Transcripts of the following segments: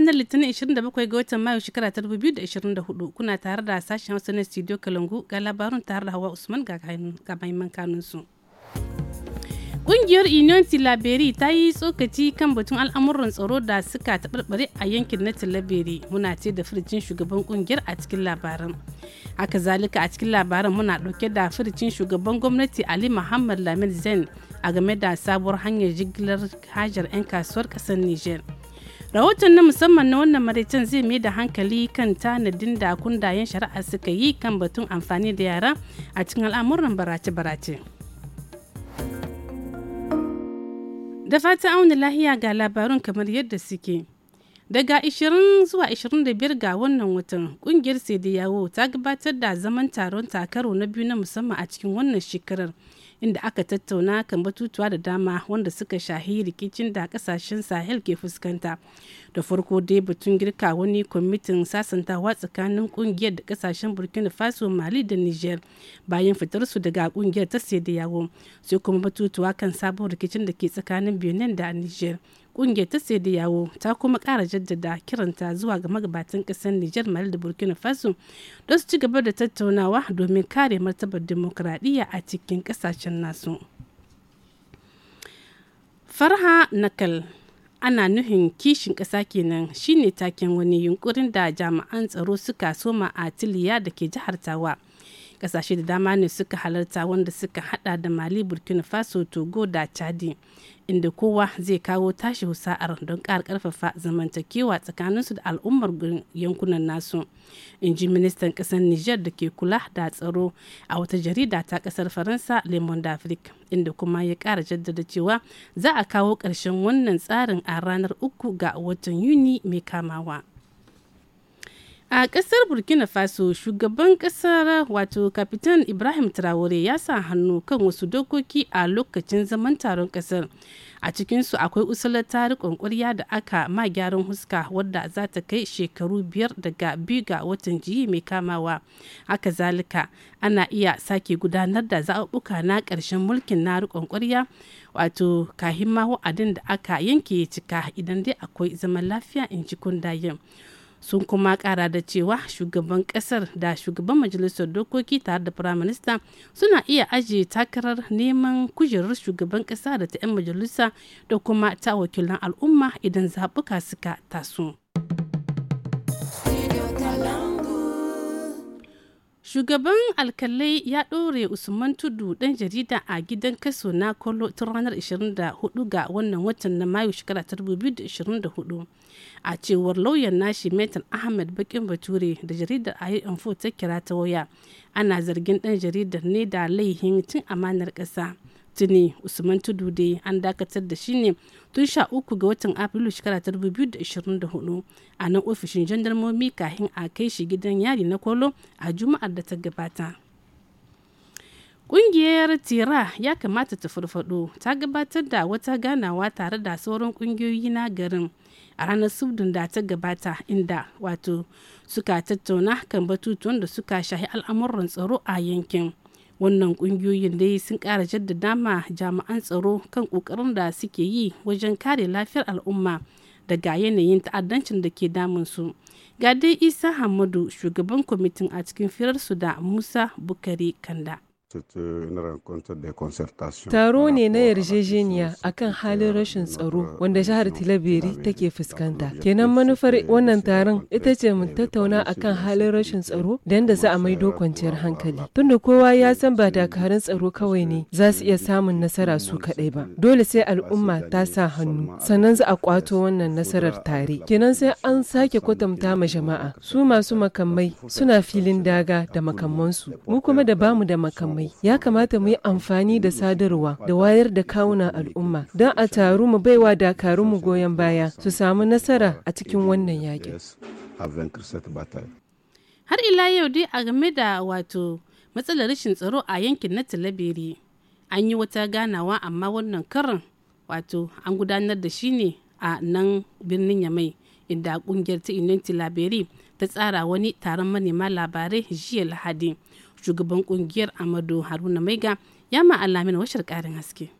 ranar Litinin 27 ga watan Mayu shekara ta 2024 kuna tare da sashen Hausa na Studio Kalangu ga labarun tare da Hawa Usman ga mahimman kanunsu. Ƙungiyar Union Tilaberi ta yi tsokaci kan batun al'amuran tsaro da suka taɓarɓare a yankin na Tilaberi muna ce da firicin shugaban kungiyar a cikin labaran. Haka zalika a cikin labaran muna ɗauke da firicin shugaban gwamnati Ali Muhammad Lamir Zain a game da sabuwar hanyar jigilar hajar 'yan kasuwar ƙasar niger rahoton na musamman na wannan maraicen zai mai da hankali kan tanadin da kundayen shari'a suka yi kan batun amfani da yara a cikin al'amuran barace-barace da fata auna lahiya ga labarun kamar yadda suke daga 20 zuwa 25 ga wannan watan kungiyar yawo ta gabatar da zaman taron takaro na biyu na musamman a cikin wannan shekarar inda aka tattauna kan batutuwa da dama wanda suka shahi rikicin da kasashen sahel ke fuskanta da farko dai batun girka wani kwamitin sasantawa tsakanin kungiyar da kasashen burkina faso mali da niger bayan fitarsu daga kungiyar ta da yawo sai kuma batutuwa kan sabon rikicin da ke tsakanin benin da niger kungiyar ta sai da yawo ta kuma kara jaddada kiranta zuwa ga magabatan kasar nijar mali da burkina faso don su ci gaba da tattaunawa domin kare martabar demokradiyya a cikin kasashen nasu farha nakal ana nuhin kishin ƙasa kenan shine taken wani yunkurin da jami'an tsaro suka soma a tiliya da ke jihar tawa kasashe da dama ne suka halarta wanda suka hada da mali burkina faso togo da chadi inda kowa zai kawo tashi husa'ar don ƙara ƙarfafa zamantakewa tsakaninsu da al'ummar yankunan nasu in ji ministan ƙasar niger da ke kula da tsaro a wata jarida ta ƙasar faransa le monde afrique inda kuma ya ƙara jaddada cewa za a kawo ƙarshen wannan tsarin a ranar uku ga watan yuni mai kamawa a ƙasar burkina faso shugaban ƙasar wato kapitan ibrahim traore ya sa hannu kan wasu dokoki a lokacin zaman taron ƙasar a cikinsu akwai usular tarikon kwarya da aka ma gyaran huska wadda za ta kai shekaru biyar daga biyu ga watan jiyi mai kamawa haka zalika ana iya sake gudanar da zaɓuɓɓuka na ƙarshen mulkin na rikon kwarya wato kahin ma wa'adin da aka yanke cika idan dai akwai zaman lafiya in ji kundayen sun kuma kara da cewa shugaban kasar da shugaban majalisar dokoki tare da firaminista suna iya ajiye takarar neman kujerar shugaban kasa da ta 'yan majalisa da kuma ta wakilan al'umma idan zaɓuka suka taso. shugaban alkalai ya ɗore usman tudu ɗan jarida a gidan kaso na kolo tun ranar 24 ga wannan watan na mayu shekara 2024 a cewar lauyan nashi metan ahmed bakin bature da jaridar ayi info ta kira ta waya ana zargin ɗan jaridar ne da laihin cin amanar ƙasa litinin usman tudu dai an dakatar da shi ne tun sha uku ga watan afrilu shekara ta hudu a nan ofishin jandarmomi kahin a kai shi gidan yari na kolo a juma'ar da ta gabata Ƙungiyar Tira ya kamata ta farfado ta gabatar da wata ganawa tare da sauran ƙungiyoyi na garin a ranar subdin da ta gabata inda wato suka tattauna kan batutuwan da suka shahi al'amuran tsaro a yankin. wannan kungiyoyin dai sun kara jaddada ma jami'an tsaro kan kokarin da suke yi wajen kare lafiyar al'umma daga yanayin ta'addancin da ke damun su ga dai isa hamadu shugaban kwamitin a cikin firarsu da musa bukari kanda Euh, Taro ne na yarjejeniya akan halin rashin tsaro wanda jihar Tilaberi take fuskanta. Kenan manufar wannan taron ita ce mu tattauna akan halin rashin tsaro da yadda za a maido kwanciyar hankali. Tunda kowa ya san ba dakarun tsaro kawai ne za su iya samun nasara su kaɗai ba. Dole sai al'umma ta sa hannu sannan za a kwato wannan nasarar tare. Kenan sai an sake kwatanta ma jama'a su masu makamai suna filin daga da makamansu mu kuma da bamu da makamai. ya kamata mu yi amfani da sadarwa da wayar da kawunan al'umma don a taru mu baiwa dakarun mu goyon baya su samu nasara a cikin wannan yaƙi. har ila yau dai a game da wato matsalar rashin tsaro a yankin na talabiri an yi wata ganawa amma wannan karin wato an gudanar da shi ne a nan birnin yamai inda kungiyar ta inanti labari ta tsara wani taron manema labarai jiya lahadi shugaban kungiyar amadu haruna maiga ya ma'alamin washar karin haske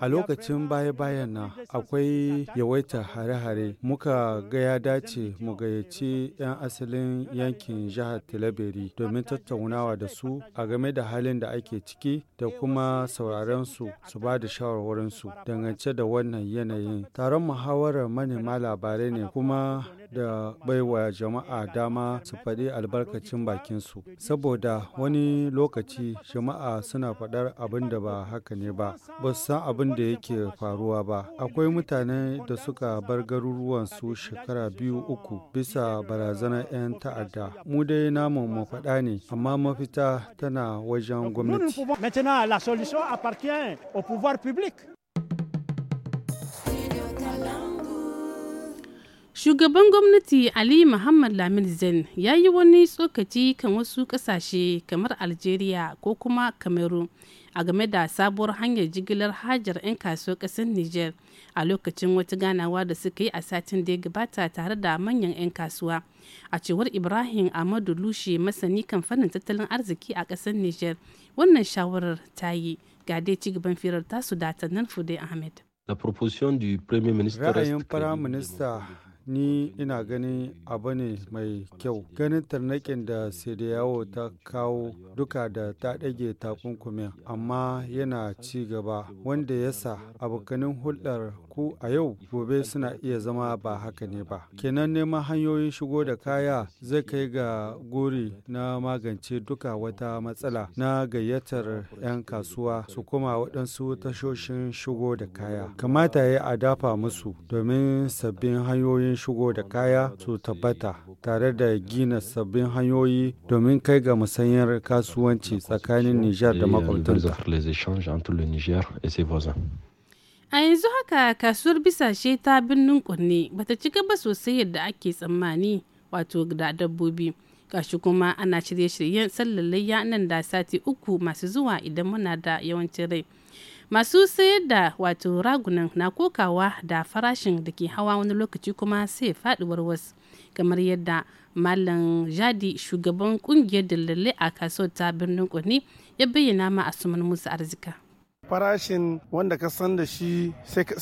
A lokacin baya-bayan nan akwai yawaitar hare-hare muka ga ya dace mu gayyaci 'yan asalin yankin jihar Tilaberi domin tattaunawa da su a game da halin da ake ciki da kuma sauraren su su ba da shawarwarinsu dangance da wannan yanayin. Taron muhawarar manema labarai ne kuma da baiwa jama'a dama su faɗi albarkacin bakinsu saboda wani lokaci jama'a suna faɗar abin da ba haka ne ba ba su san abin da yake faruwa ba akwai mutane da suka bar garuruwan su shekara biyu uku bisa barazanar 'yan ta'adda mu dai namun mafaɗa ne amma mafita tana wajen gwamnati Shugaban gwamnati Ali Muhammad Lamin Zain ya yi wani tsokaci kan wasu ƙasashe kamar Algeria ko kuma Cameroon a game da sabuwar hanyar jigilar hajar 'yan kasuwar kasar niger a lokacin wata ganawa da suka yi a satin da ya gabata tare da manyan 'yan kasuwa a cewar ibrahim amadu lushe masani kan fannin tattalin arziki a kasar niger wannan shawarar ta yi ga dai gaban firar tasu da tanan fude ahmed La proposition du Premier ministre Ra'ayin Firayim Minista ni ina ganin abu ne mai kyau ganin tarnaƙin da yawo ta kawo duka da ta ɗage takunkumi. amma yana ci gaba wanda ya sa abokanin hulɗar ku a yau gobe suna iya zama ba haka ne ba kenan neman hanyoyin shigo da kaya zai kai ga guri na magance duka wata matsala na gayyatar 'yan kasuwa su kuma waɗansu tashoshin shigo da kaya kamata ya a dafa musu domin sabbin hanyoyin shigo da kaya su tabbata tare da gina sabbin hanyoyi domin kai ga musayar kasuwanci tsakanin Nijar da makwabtanta. A yanzu haka kasuwar bisashe ta birnin kunne bata cika ba sosai yadda ake tsammani wato da dabbobi. Gashi kuma ana shirye-shiryen sallallayya nan da sati uku masu zuwa idan muna da yawancin rai. masu sayar da wato ragunan na kokawa da farashin da ke hawa wani lokaci kuma sai faduwar wasu kamar yadda malam jadi shugaban kungiyar dalilai a kasuwar ta birnin kwanne ya bayyana ma a asuman musu arzika farashin wanda ka san da shi sai ka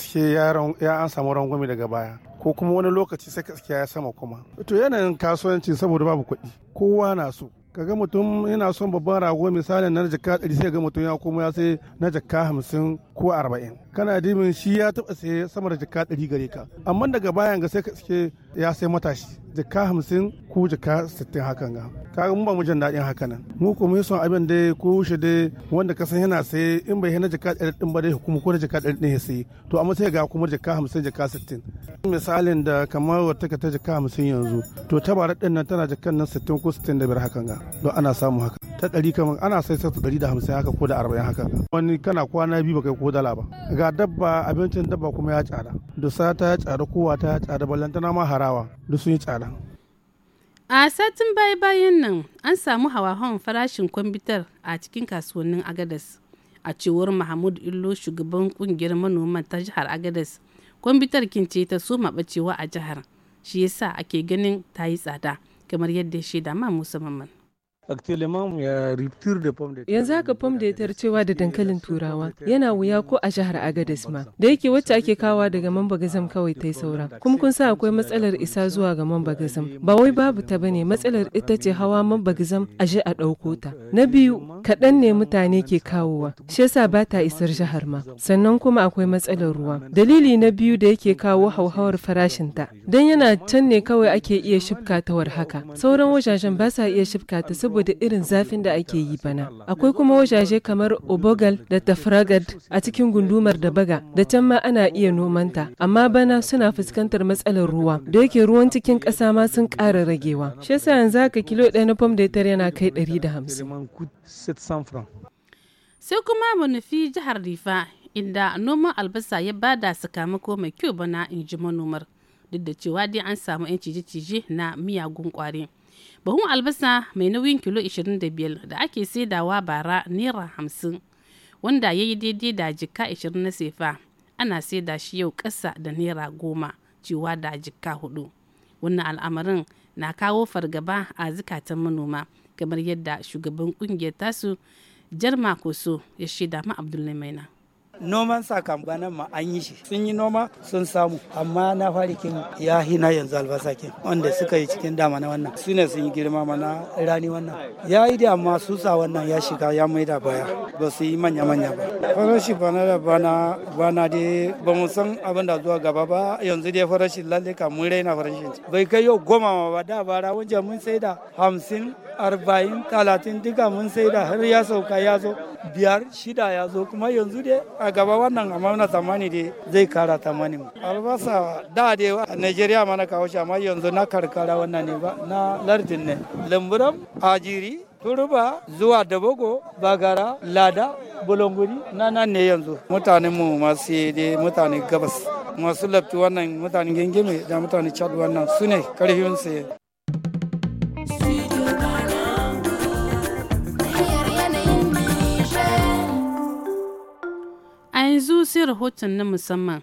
ya an samu rangwami daga baya ko kuma wani lokaci sai ka ya sama kuma to yanayin kasuwanci saboda babu kuɗi kowa na so kaga mutum yana son babban rago misalin na jaka 100 sai ga mutum ya komo ya sai na jaka 50. ko arba'in kana dimin shi ya taɓa saye sama da jaka ɗari gare ka amma daga bayan ga sai ka suke ya sai matashi jaka hamsin ko jaka sittin hakan ga kaga ga ba mu jin daɗin haka nan mu ko mun son abin da ko shi da wanda ka san yana saye in bai hana jaka ɗari ɗin ba dai kuma ko da jaka ɗari ɗin ya saye to amma sai ga kuma jaka hamsin jaka sittin misalin da kamar wata ka ta jaka hamsin yanzu to tabarar ɗin nan tana jakan nan sittin ko sittin da biyar hakan ga don ana samu haka ta ɗari kamar ana sai sa ɗari da hamsin haka ko da arba'in haka wani kana kwana biyu ba kai ko ko ba ga dabba abincin dabba kuma ya tsada dusa ta ya tsada kowa ta tsada ballantana ma harawa duk sun yi tsada a satin baya bayan nan an samu hawa-hawan farashin kwamfutar a cikin kasuwannin agadas a cewar mahmud illo shugaban kungiyar manoman ta jihar agadas kwamfutar kince ta soma bacewa a jihar shi yasa ake ganin ta yi tsada kamar yadda ya shaida ma musamman Yanzu haka fam da ya tarcewa da dankalin turawa yana wuya ko a jihar Agadez ma. Da yake wacce ake kawa daga Mambagazam kawai ta yi saura. Kuma kun sa akwai matsalar isa zuwa ga Mambagazam. Ba wai babu ta bane matsalar ita ce hawa Mambagazam a je a ɗauko ta. Na biyu kaɗan ne mutane ke kawowa. Shi yasa ba ta isar jihar ma. Sannan kuma akwai matsalar ruwa. Dalili na biyu da yake kawo hauhawar farashin ta don yana can ne kawai ake iya shifka ta haka. Sauran wajajen ba sa iya shifka ta saboda da irin zafin da ake yi bana. Akwai kuma wajaje kamar Obogal da Tafragad a cikin gundumar da baga da can ma ana iya nomanta, amma bana suna fuskantar matsalar ruwa da yake ruwan cikin ƙasa ma sun ƙara ragewa. Shi yasa yanzu haka kilo ɗaya na pom da yana kai ɗari da hamsin. Sai kuma mu nufi jihar Rifa inda noman albasa ya bada sakamako mai kyau bana in ji manomar duk da cewa dai an samu 'yan cije-cije na miyagun ƙwari. Buhun albasa mai nauyin kilo 25 da ake saidawa bara naira 50 wanda ya yi daidai da jika 20 na sefa ana saida shi yau ƙasa da naira goma cewa da jika hudu. Wannan al'amarin na kawo fargaba a zikatan manoma kamar yadda shugaban kungiyar tasu Jarma Koso ya shaida ma Abdullahi Maina. noman sakamakon ma an yi shi sun yi noma sun samu amma na fari farikin ya hina yanzu albasa ke wanda suka yi cikin dama na wannan su ne sun yi girma mana rani wannan ya yi da amma susa wannan ya shiga ya da baya ba su yi manya manya ba farashi bana da bana bana dai ba mu san abin da zuwa gaba ba yanzu dai farashi lalle ka mun raina farashin bai kai yau goma ba da bara wajen mun sai da hamsin arba'in talatin duka mun sai da har ya sauka ya zo biyar shida ya zo kuma yanzu dai a gaba wannan amma na zamani dai zai kara tsammanin albasa da dai a nigeria mana kawo shi amma yanzu na karkara wannan ne ba na lardin ne lamburam ajiri turuba zuwa Dabogo, bagara lada bulunguri na nan ne yanzu mutanen mu masu dai mutane gabas masu lafti wannan mutanen gengeme da mutanen chad wannan su ne karfin su yanzu sai rahoton na musamman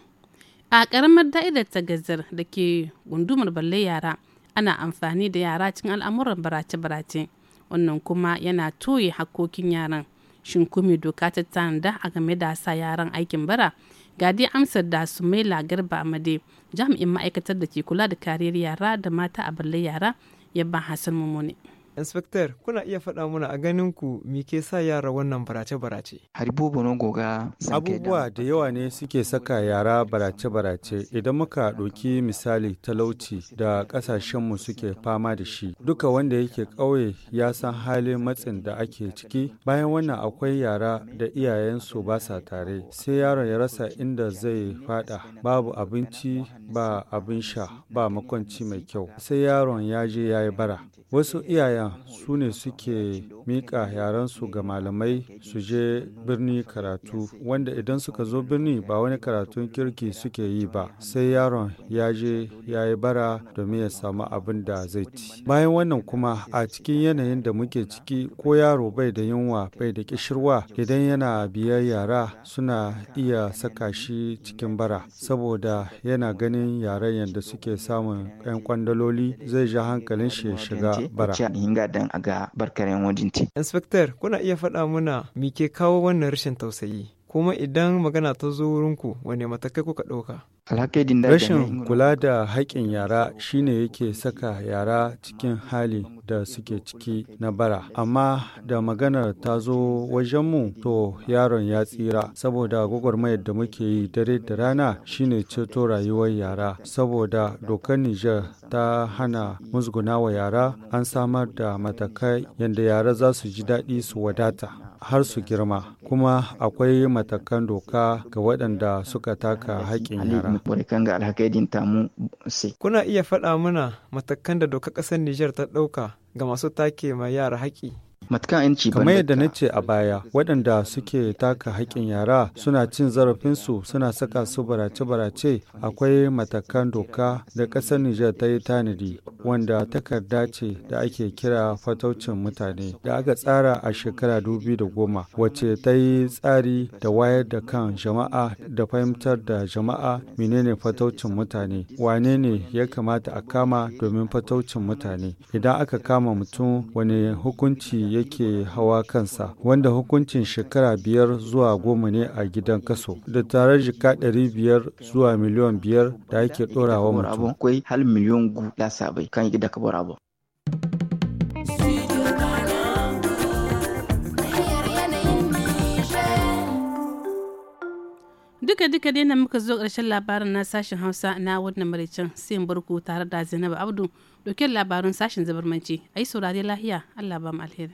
a ƙaramar da'idar ta gazar da ke gundumar balle yara ana amfani da yara cikin al'amuran barace-barace wannan kuma yana toye hakkokin yaran shin kome doka ta tanada a game da sa yaran aikin bara ga dai amsar da su mai lagar ba amade jami'in ma'aikatar da ke kula da kariyar yara da mata a balle yara ya yabban hassan mummuni. inspector kuna iya faɗa mana a ganin ku me ke sa yara wannan barace-barace abubuwa da yawa ne suke saka yara barace-barace idan muka ɗauki misali talauci da ƙasashenmu suke fama da shi duka wanda yake ƙauye ya san halin matsin da ake ciki bayan wannan akwai yara da iyayensu ba sa tare sai yaron ya rasa inda zai faɗa. babu abinci ba abin sha ba makwanci mai kyau sai yaron ya je ya yi bara wasu iyayen sune su ne suke miƙa yaransu ga malamai su je birni karatu wanda idan suka zo birni ba wani karatun kirki suke yi ba sai yaron ya je ya yi bara domin ya samu abin da zai ci bayan wannan kuma a cikin yanayin da muke ciki ko yaro bai da yunwa bai da kishirwa idan yana biyar yara suna iya saka shi cikin bara saboda yana ganin yaran yadda suke samun 'yan kwandaloli zai ja hankalin shi shiga bara zanga a ga barkaren wajinti. Inspector, kuna iya faɗa mana me kawo wannan rashin tausayi? Kuma idan magana ta zo wurinku, wane matakai kuka ɗauka? Rashin kula da haƙƙin yara shine yake saka yara cikin hali da suke ciki na bara. Amma da maganar ta zo wajenmu to yaron ya tsira saboda gwagwarmayar da muke yi dare da rana shine ceto rayuwar yara saboda dokar Nijar ta hana wa yara an samar da matakai yadda yara za su ji daɗi su wadata har su girma kuma akwai matakan doka ga waɗanda suka taka haƙƙin yara. mu kan kanga alhakai din tamu sai kuna iya faɗa mana matakan da doka ƙasar Nijar ta ɗauka ga masu take ma yara haƙi kamar yadda na ce a baya waɗanda suke taka haƙƙin yara suna cin zarafinsu suna saka su barace-barace akwai matakan doka da ƙasar nijar ta yi tanadi wanda takarda ce da ake kira fataucin mutane da aka tsara a shekara da goma wacce ta yi tsari da wayar da kan jama'a da fahimtar da jama'a menene fataucin mutane wane ne ya kamata a kama domin fataucin mutane idan aka kama mutum wani hukunci yake hawa kansa wanda hukuncin shekara biyar zuwa goma ne a gidan kaso da tarar jika ɗari biyar zuwa miliyan biyar da ake ɗorawa mutum. duka duka dai na muka zo ƙarshen labarin na sashen hausa na wannan maricin sai barku tare da zainab abdu dokin labarun sashen zabarmanci a yi saurari lahiya allah ba mu alheri